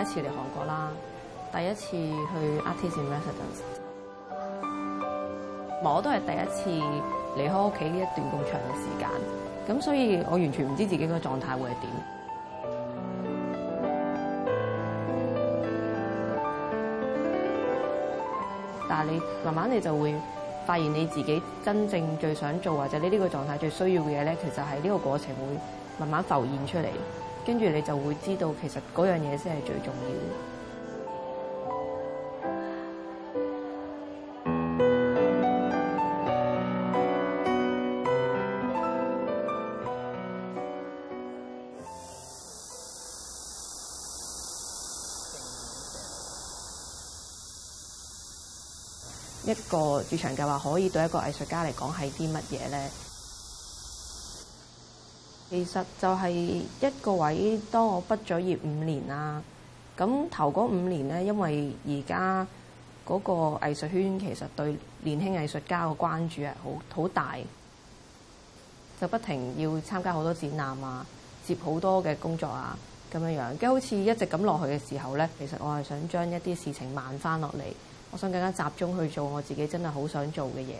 第一次嚟韓國啦，第一次去 artist residency，我都係第一次離開屋企呢一段咁長嘅時間，咁所以我完全唔知自己個狀態會係點。但係你慢慢你就會發現你自己真正最想做或者你呢個狀態最需要嘅嘢咧，其實係呢個過程會慢慢浮現出嚟。跟住你就會知道，其實嗰樣嘢先係最重要。一個駐場計劃，可以對一個藝術家嚟講係啲乜嘢咧？其實就係一個位，當我畢咗業五年啦，咁頭嗰五年呢，因為而家嗰個藝術圈其實對年輕藝術家個關注係好好大，就不停要參加好多展覽啊，接好多嘅工作啊咁樣樣，跟住好似一直咁落去嘅時候呢，其實我係想將一啲事情慢翻落嚟，我想更加集中去做我自己真係好想做嘅嘢。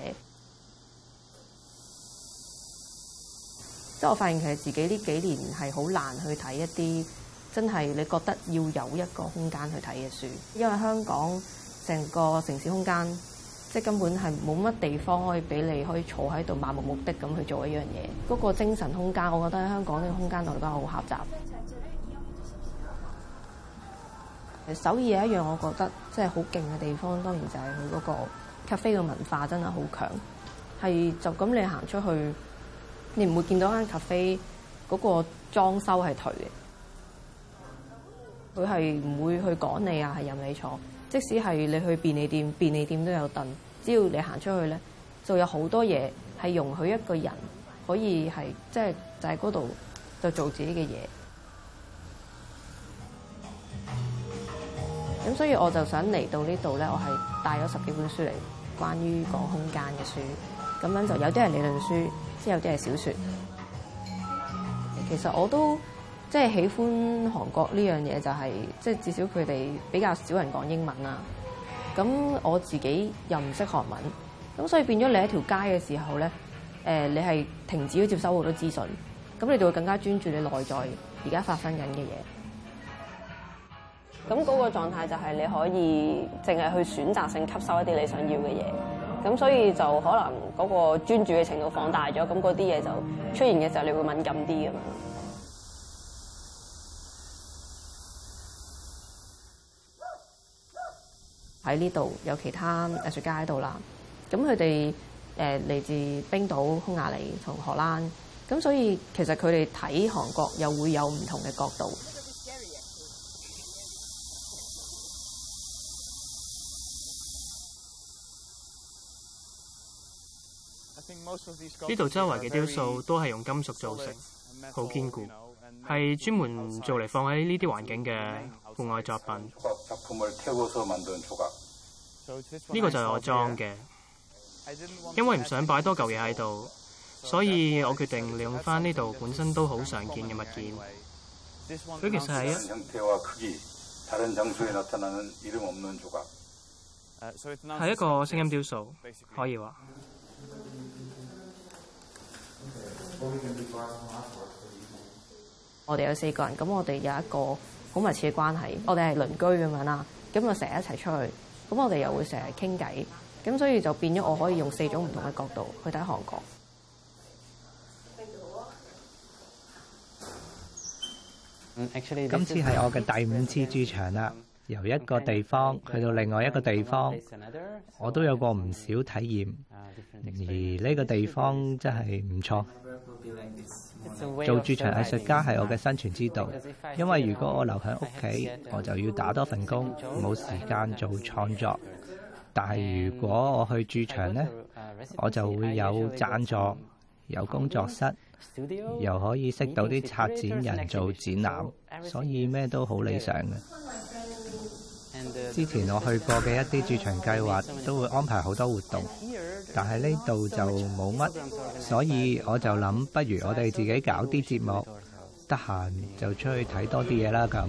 即係我發現其實自己呢幾年係好難去睇一啲真係你覺得要有一個空間去睇嘅書，因為香港成個城市空間即係根本係冇乜地方可以俾你可以坐喺度漫無目的咁去做一樣嘢。嗰個精神空間我覺得喺香港呢個空間度都係好狹窄。其實首爾有一樣我覺得即係好勁嘅地方，當然就係佢嗰個 cafe 嘅文化真係好強，係就咁你行出去。你唔會見到間咖啡嗰個裝修係頹嘅，佢係唔會去趕你啊，係任你坐。即使係你去便利店，便利店都有凳。只要你行出去咧，就有好多嘢係容許一個人可以係即係就喺嗰度就做自己嘅嘢。咁所以我就想嚟到呢度咧，我係帶咗十幾本書嚟，關於講空間嘅書。咁樣就有啲係理論書，即有啲係小説，其實我都即係喜歡韓國呢樣嘢，就係即係至少佢哋比較少人講英文啊。咁我自己又唔識韓文，咁所以變咗你喺條街嘅時候咧，誒你係停止咗接收好多資訊，咁你就會更加專注你內在而家發生緊嘅嘢。咁嗰個狀態就係你可以淨係去選擇性吸收一啲你想要嘅嘢。咁所以就可能嗰個專注嘅程度放大咗，咁嗰啲嘢就出現嘅時候你會敏感啲咁樣。喺呢度有其他藝術家喺度啦，咁佢哋誒嚟自冰島、匈牙利同荷蘭，咁所以其實佢哋睇韓國又會有唔同嘅角度。呢度周圍嘅雕塑都係用金屬做成，好堅固，係專門做嚟，放喺呢啲環境嘅戶外作品。呢個就係我裝嘅，因為唔想擺多嚿嘢喺度，所以我決定利用翻呢度本身都好常見嘅物件。佢其實係一係一個聲音雕塑，可以話。我哋有四個人，咁我哋有一個好密切嘅關係。我哋係鄰居咁樣啦，咁啊成日一齊出去，咁我哋又會成日傾偈，咁所以就變咗我可以用四種唔同嘅角度去睇韓國。今次係我嘅第五次駐場啦，由一個地方去到，到另外一個地方，我都有過唔少體驗，而呢個地方真係唔錯。做駐場藝術家係我嘅生存之道，因為如果我留喺屋企，我就要打多份工，冇時間做創作。但係如果我去駐場呢，我就會有贊助，有工作室，又可以識到啲策展人，做展覽，所以咩都好理想嘅。之前我去過嘅一啲駐場計劃都會安排好多活動，但係呢度就冇乜，所以我就諗不如我哋自己搞啲節目，得閒就出去睇多啲嘢啦咁。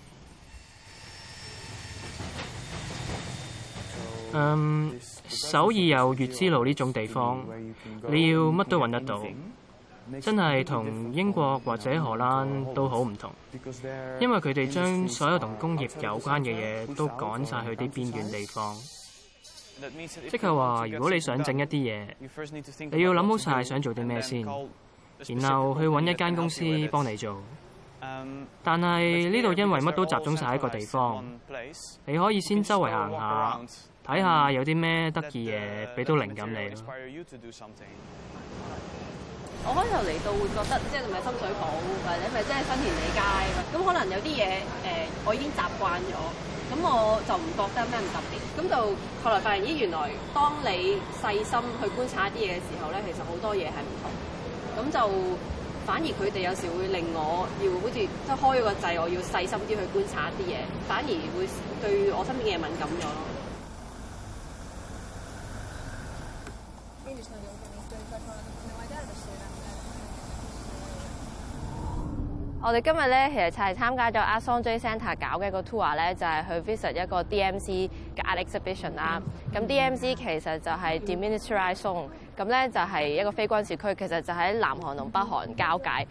嗯，um, 首爾有乙支路呢種地方，你要乜都搵得到，真係同英國或者荷蘭都好唔同。因為佢哋將所有同工業有關嘅嘢都趕晒去啲邊緣地方，即係話如果你想整一啲嘢，你要諗好晒想做啲咩先，然後去搵一間公司幫你做。但係呢度因為乜都集中晒喺一個地方，你可以先周圍行下。睇下有啲咩得意嘢俾到靈感你。我開頭嚟到會覺得，即係唔係深水埗，或者唔係真係新填地街，咁可能有啲嘢誒我已經習慣咗，咁我就唔覺得咩唔特別。咁就後來發現咦，原來當你細心去觀察一啲嘢嘅時候咧，其實好多嘢係唔同。咁就反而佢哋有時會令我要好似即係開咗個掣，我要細心啲去觀察一啲嘢，反而會對我身邊嘅嘢敏感咗咯。我哋今日咧其實就係參加咗阿 Song J Center 搞嘅一個 tour 咧就係、是、去 visit 一個 dmc 嘅 art exhibition 啦，咁 dmc 其實就係 demilitarized zone，咁咧就係一個非軍事區，其實就喺南韓同北韓交界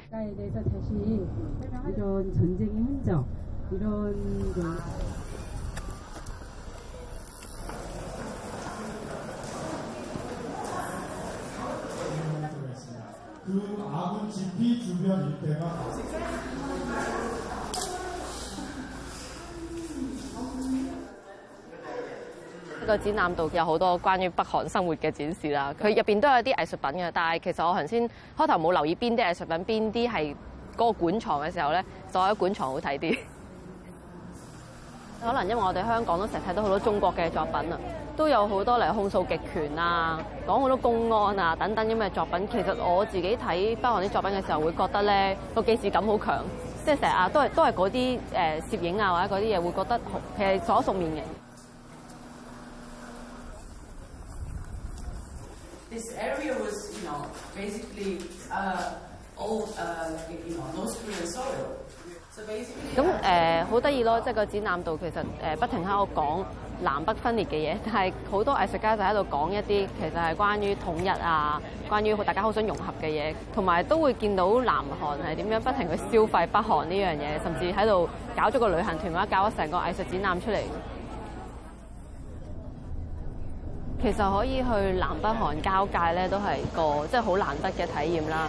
一個展覽度有好多關於北韓生活嘅展示啦，佢入邊都有啲藝術品嘅，但係其實我頭先開頭冇留意邊啲藝術品，邊啲係嗰個館藏嘅時候咧，就係館藏好睇啲。可能因為我哋香港都成日睇到好多中國嘅作品啦，都有好多嚟控訴極權啊，講好多公安啊等等咁嘅作品。其實我自己睇北韓啲作品嘅時候，會覺得咧個記事感好強，即係成日啊，都係都係嗰啲誒攝影啊或者嗰啲嘢，會覺得其實所熟面嘅。咁誒好得意咯，即係個展覽度其實誒、呃、不停喺度講南北分裂嘅嘢，但係好多藝術家就喺度講一啲其實係關於統一啊，關於大家好想融合嘅嘢，同埋都會見到南韓係點樣不停去消費北韓呢樣嘢，甚至喺度搞咗個旅行團，而搞咗成個藝術展覽出嚟。其實可以去南北韓交界咧，都係個即係好難得嘅體驗啦。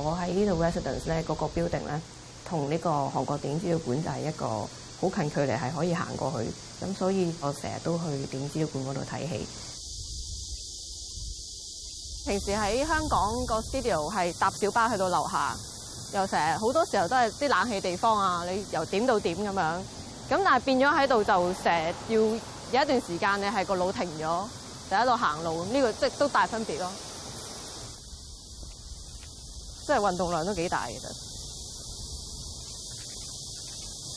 我喺呢度 residence 咧，個個 building 咧，同呢個韓國電影資料館就係一個好近距離，係可以行過去。咁所以我成日都去電影資料館嗰度睇戲。平時喺香港個 studio 係搭小巴去到樓下，又成日好多時候都係啲冷氣地方啊。你由點到點咁樣，咁但係變咗喺度就成日要有一段時間你係個腦停咗，就喺度行路。呢個即係都大分別咯。即係運動量都幾大嘅，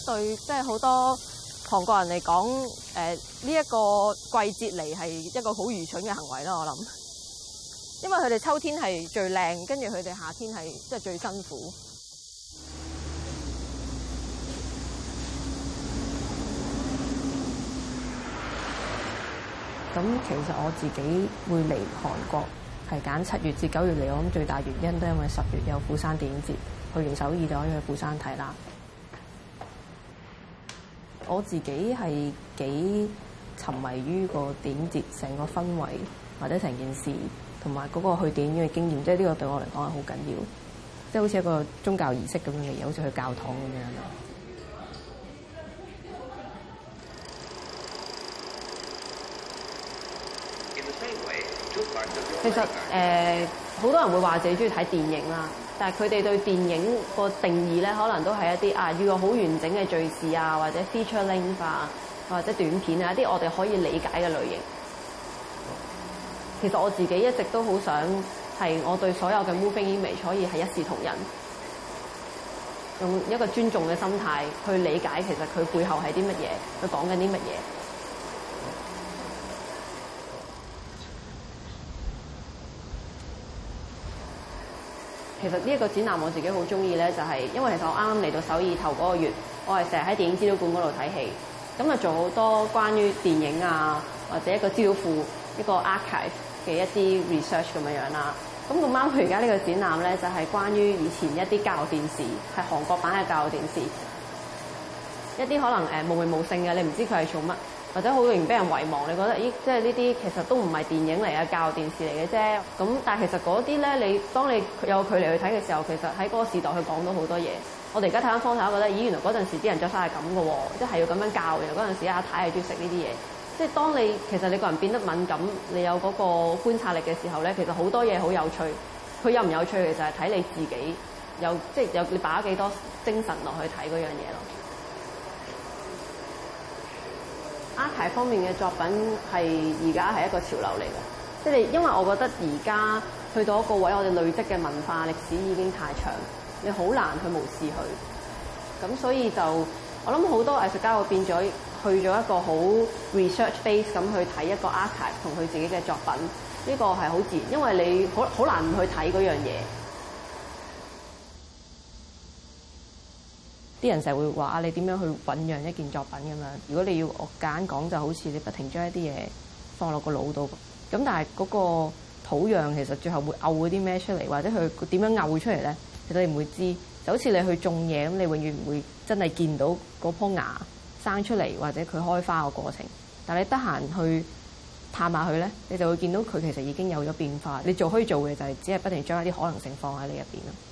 對，即係好多韓國人嚟講，誒呢一個季節嚟係一個好愚蠢嘅行為咯，我諗，因為佢哋秋天係最靚，跟住佢哋夏天係即係最辛苦。咁其實我自己會嚟韓國。係揀七月至九月嚟，我諗最大原因都因為十月有釜山電影節，去完首爾就可以去釜山睇啦。我自己係幾沉迷於個電影節成個氛圍，或者成件事，同埋嗰個去電影院嘅經驗，即係呢個對我嚟講係好緊要，即係好似一個宗教儀式咁樣嘅，好似去教堂咁樣。其實誒，好多人會話自己中意睇電影啦，但係佢哋對電影個定義咧，可能都係一啲啊，要個好完整嘅敘事啊，或者 feature length 啊，或者短片啊，一啲我哋可以理解嘅類型。其實我自己一直都好想係，我對所有嘅 moving image 可以係一視同仁，用一個尊重嘅心態去理解，其實佢背後係啲乜嘢，佢講緊啲乜嘢。其實呢一個展覽我自己好中意咧，就係、是、因為其實我啱啱嚟到首爾頭嗰個月，我係成日喺電影資料館嗰度睇戲，咁啊做好多關於電影啊或者一個資料庫一個 archive 嘅一啲 research 咁樣樣啦。咁咁啱佢而家呢個展覽咧就係、是、關於以前一啲教育電視，係韓國版嘅教育電視，一啲可能誒、呃、無名無姓嘅，你唔知佢係做乜。或者好容易俾人遺忘，你覺得咦，即係呢啲其實都唔係電影嚟啊，教育電視嚟嘅啫。咁但係其實嗰啲咧，你當你有距離去睇嘅時候，其實喺嗰個時代佢講到好多嘢。我哋而家睇翻方太，覺得咦，原來嗰陣時啲人着衫係咁嘅喎，即係要咁樣教。然後嗰陣時阿太係中意食呢啲嘢。即係當你其實你個人變得敏感，你有嗰個觀察力嘅時候咧，其實好多嘢好有趣。佢有唔有趣其實係睇你自己有即係有你擺幾多精神落去睇嗰樣嘢咯。阿 r 方面嘅作品係而家係一個潮流嚟嘅。即係因為我覺得而家去到一個位，我哋累積嘅文化歷史已經太長，你好難去無視佢。咁所以就我諗好多藝術家，會變咗去咗一個好 research base 咁去睇一個 Arte 同佢自己嘅作品，呢、這個係好自然，因為你好好難唔去睇樣嘢。啲人成日會話啊，你點樣去醖釀一件作品咁樣？如果你要我夾硬講，就好似你不停將一啲嘢放落個腦度，咁但係嗰個土壤其實最後會嘔嗰啲咩出嚟，或者佢點樣嘔出嚟呢？其實你唔會知，就好似你去種嘢咁，你永遠唔會真係見到嗰棵芽生出嚟，或者佢開花個過程。但係你得閒去探下佢呢，你就會見到佢其實已經有咗變化。你做可以做嘅就係、是、只係不停將一啲可能性放喺你入邊咯。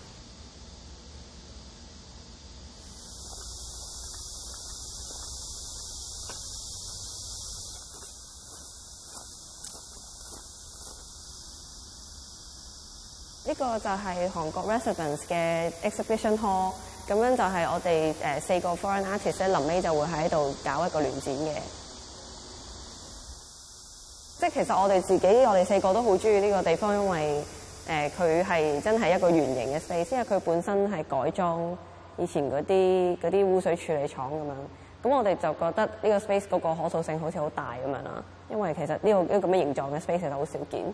個就係韓國 residence 嘅 exhibition hall，咁樣就係我哋誒四個 foreign artist 咧，臨尾就會喺度搞一個聯展嘅。即係其實我哋自己，我哋四個都好中意呢個地方，因為誒佢係真係一個圓形嘅 space，因為佢本身係改裝以前嗰啲嗰啲污水處理廠咁樣。咁我哋就覺得呢個 space 嗰個可塑性好似好大咁樣啦，因為其實呢、呢個咁嘅、呢個、形狀嘅 space 就好少見。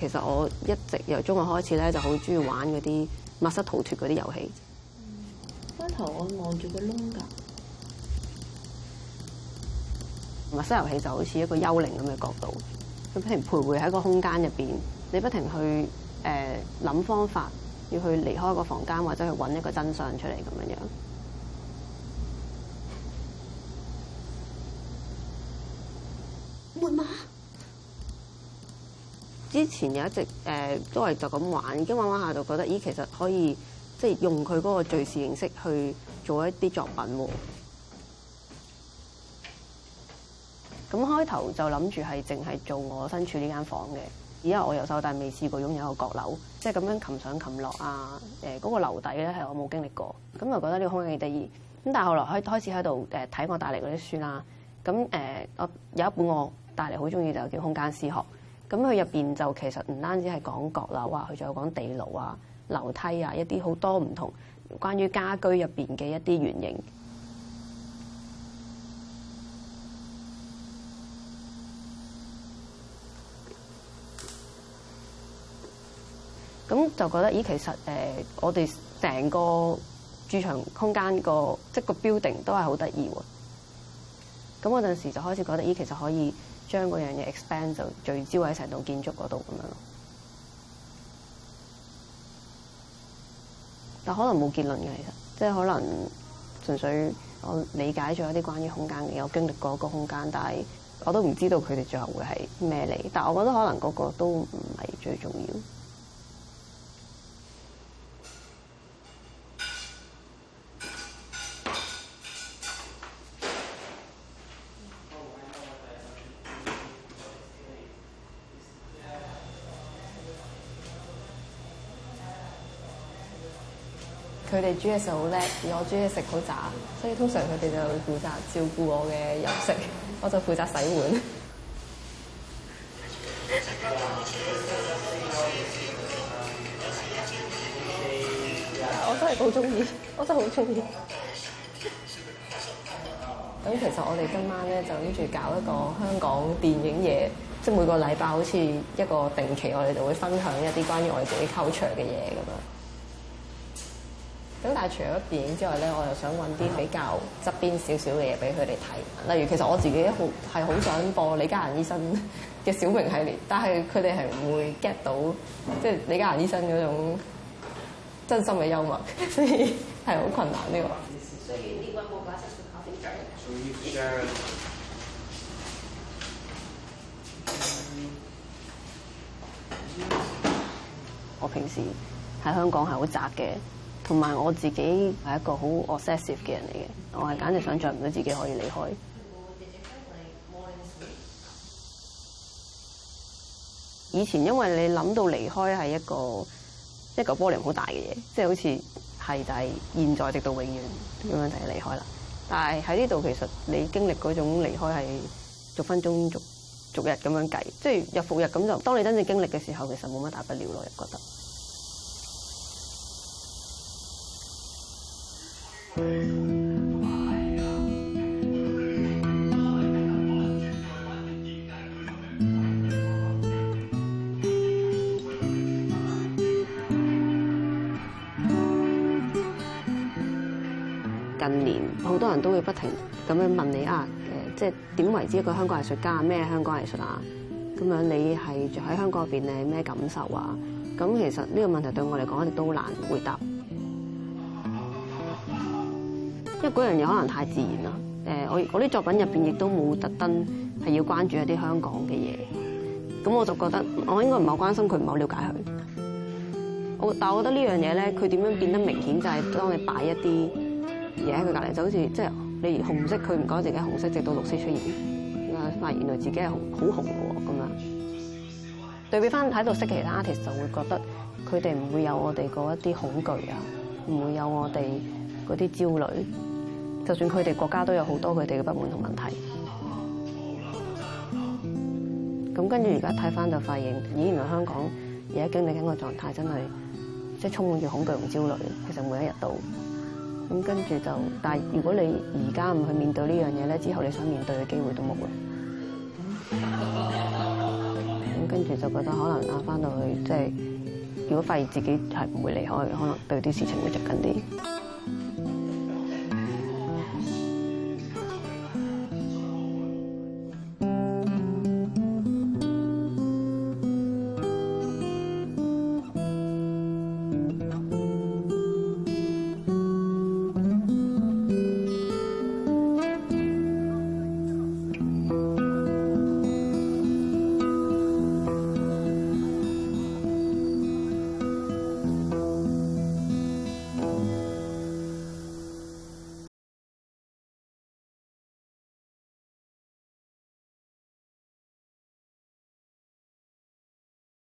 其實我一直由中學開始咧，就好中意玩嗰啲密室逃脫嗰啲遊戲。開、嗯、頭我望住個窿㗎，密室遊戲就好似一個幽靈咁嘅角度，佢不停徘徊喺個空間入邊，你不停去誒諗、呃、方法，要去離開個房間或者去揾一個真相出嚟咁樣樣。之前又一直誒、呃、都係就咁玩，已經玩玩下就覺得咦，其實可以即係用佢嗰個敘事形式去做一啲作品喎。咁、嗯、開頭就諗住係淨係做我身處呢間房嘅，而家我又手但未試過擁有個閣樓，即係咁樣擒上擒落啊。誒、那、嗰個樓底咧係我冇經歷過，咁就覺得呢個空間第二。咁但係後來開開始喺度誒睇我帶嚟嗰啲書啦，咁誒、呃、我有一本我帶嚟好中意就叫《空間詩學》。咁佢入邊就其實唔單止係講閣樓啊，佢仲有講地牢啊、樓梯啊，一啲好多唔同關於家居入邊嘅一啲原型。咁 就覺得咦，其實誒、呃、我哋成個駐場空間即個，即係個 building 都係好得意喎。咁嗰陣時就開始覺得咦，其實可以。將嗰樣嘢 expand 就聚焦喺成棟建築嗰度咁樣咯，但可能冇結論嘅其實，即係可能純粹我理解咗一啲關於空間嘅，我經歷過一個空間，但係我都唔知道佢哋最後會係咩嚟。但係我覺得可能個個都唔係最重要。煮嘢食好叻，而我煮嘢食好渣，所以通常佢哋就負責照顧我嘅飲食，我就負責洗碗。 我真係好中意，我真係好中意。咁 其實我哋今晚咧就諗住搞一個香港電影夜，即係每個禮拜好似一個定期，我哋就會分享一啲關於我哋自己 culture 嘅嘢咁樣。咁但係除咗電影之外咧，我又想揾啲比較側邊少少嘅嘢俾佢哋睇。例如其實我自己好係好想播李嘉賢醫生嘅小明系列，但係佢哋係唔會 get 到即係、就是、李嘉賢醫生嗰種真心嘅幽默，所以係好困難呢話、這個。我平時喺香港係好宅嘅。同埋我自己係一個好 obsessive 嘅人嚟嘅，我係簡直想象唔到自己可以離開。以前因為你諗到離開係一個一嚿玻璃咁好大嘅嘢，即係好似係但係現在直到永遠咁樣就離開啦。但係喺呢度其實你經歷嗰種離開係逐分鐘逐、逐逐日咁樣計，即係日復日咁就。當你真正經歷嘅時候，其實冇乜大不了咯，又覺得。近年好多人都會不停咁樣問你啊，誒， 即係點為之一個香港藝術家，咩香港藝術啊？咁樣你係住喺香港嗰邊，你係咩感受啊？咁其實呢個問題對我嚟講，一直都難回答。嗰樣嘢可能太自然啦。誒，我啲作品入邊亦都冇特登係要關注一啲香港嘅嘢，咁我就覺得我應該唔係好關心佢，唔係好了解佢。我但係我覺得呢樣嘢咧，佢點樣變得明顯，就係當你擺一啲嘢喺佢隔籬，就好似即係你紅色，佢唔覺得自己紅色，直到綠色出現，啊，發現原來自己係好紅喎咁樣。對比返喺度識其他 artist，就會覺得佢哋唔會有我哋嗰一啲恐懼啊，唔會有我哋嗰啲焦慮。就算佢哋國家都有好多佢哋嘅不滿同問題，咁跟住而家睇翻就發現，原來香港，而家經歷緊個狀態真係即係充滿住恐懼同焦慮。其實每一日到，咁跟住就，但係如果你而家唔去面對呢樣嘢咧，之後你想面對嘅機會都冇啦。咁跟住就覺得可能啊，翻到去即係，如果發現自己係唔會離開，可能對啲事情會着緊啲。